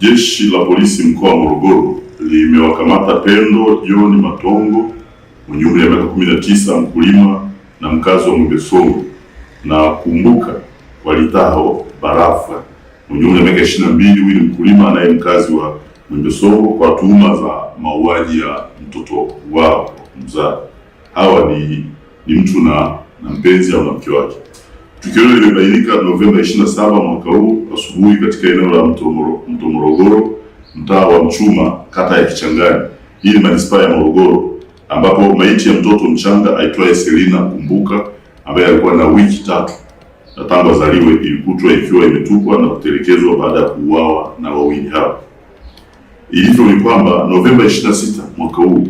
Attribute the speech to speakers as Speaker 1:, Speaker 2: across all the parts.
Speaker 1: Jeshi la Polisi mkoa wa Morogoro limewakamata Pendo John Matongo mwenye umri wa miaka 19, mkulima na mkazi wa Mwembesongo na Kumbuka Walitaho Barafa mwenye umri wa miaka 22, huyu ni mkulima anaye mkazi wa Mwembesongo kwa tuhuma za mauaji ya mtoto wao mzaa. Hawa ni, ni mtu na, na mpenzi au mke wake. Tukio hilo limebainika Novemba 27 mwaka huu asubuhi katika eneo la mto Morogoro, mtaa wa Mchuma, kata ya Kichangani. Hii ni manispaa ya Morogoro, ambapo maiti ya mtoto mchanga aitwaye Selina Kumbuka ambaye alikuwa na wiki tatu na tangu azaliwe ilikutwa ikiwa imetupwa na kutelekezwa baada ya kuuawa na wawili hao. Ilivyo ni kwamba Novemba 26 mwaka huu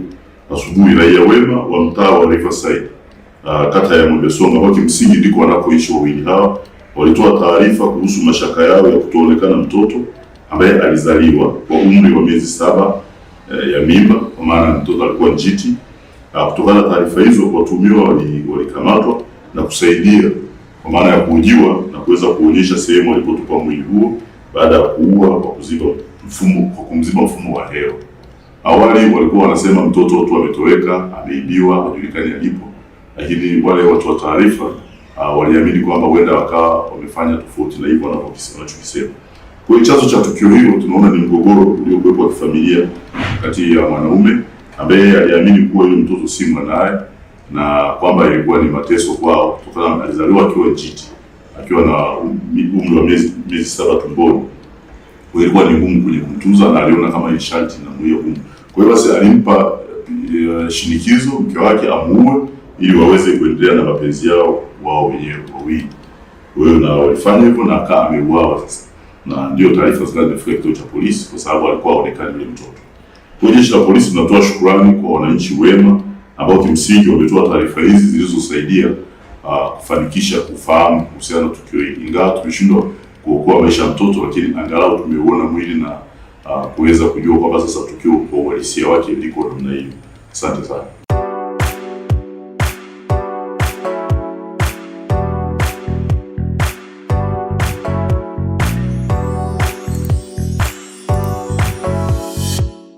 Speaker 1: asubuhi, raia wema wa mtaa wa Riverside uh, kata ya Mwembesonga ambao kimsingi ndiko wanakoishi wawili hawa, walitoa taarifa kuhusu mashaka yao ya kutoonekana mtoto ambaye alizaliwa kwa umri wa miezi saba uh, ya mimba, kwa maana mtoto alikuwa njiti. Ah, kutokana na taarifa hizo, watumiwa walikamatwa wali na kusaidia kwa maana ya kuhojiwa na kuweza kuonyesha sehemu walipotupa mwili huo baada ya kuua kwa kuziba mfumo kwa kumziba mfumo wa hewa. Awali walikuwa wanasema mtoto tu ametoweka, ameibiwa, hajulikani alipo lakini wale watu wa taarifa uh, waliamini kwamba huenda wakawa wamefanya tofauti na hivyo wanachokisema. Kwa hiyo chanzo cha tukio hilo tunaona ni mgogoro uliokuwepo wa kifamilia kati ya mwanaume ambaye aliamini kuwa yule mtoto si mwanaye na kwamba ilikuwa ni mateso kwao kutokana na alizaliwa akiwa njiti akiwa na um-, umri wa miezi saba tumboni, kwa ilikuwa ni ngumu kwenye kumtunza na aliona kama ni sharti na mwiyo gumu. Kwa hiyo basi alimpa uh, shinikizo mke wake amuue ili waweze kuendelea na mapenzi yao wao wenyewe wawili. hiyo na walifanya hivyo na kaa ameuawa sasa, na ndio taarifa zinazofika kituo cha polisi, kwa sababu alikuwa haonekani yule mtoto. Kwa jeshi la polisi, tunatoa shukrani kwa wananchi wema ambao kimsingi wametoa taarifa hizi zilizosaidia uh, kufanikisha kufahamu kuhusiana na tukio hili. Ingawa tumeshindwa kuokoa maisha ya mtoto, lakini angalau tumeuona mwili na uh, kuweza kujua kwamba sasa tukio kwa uhalisia wake liko namna hiyo. Asante sana.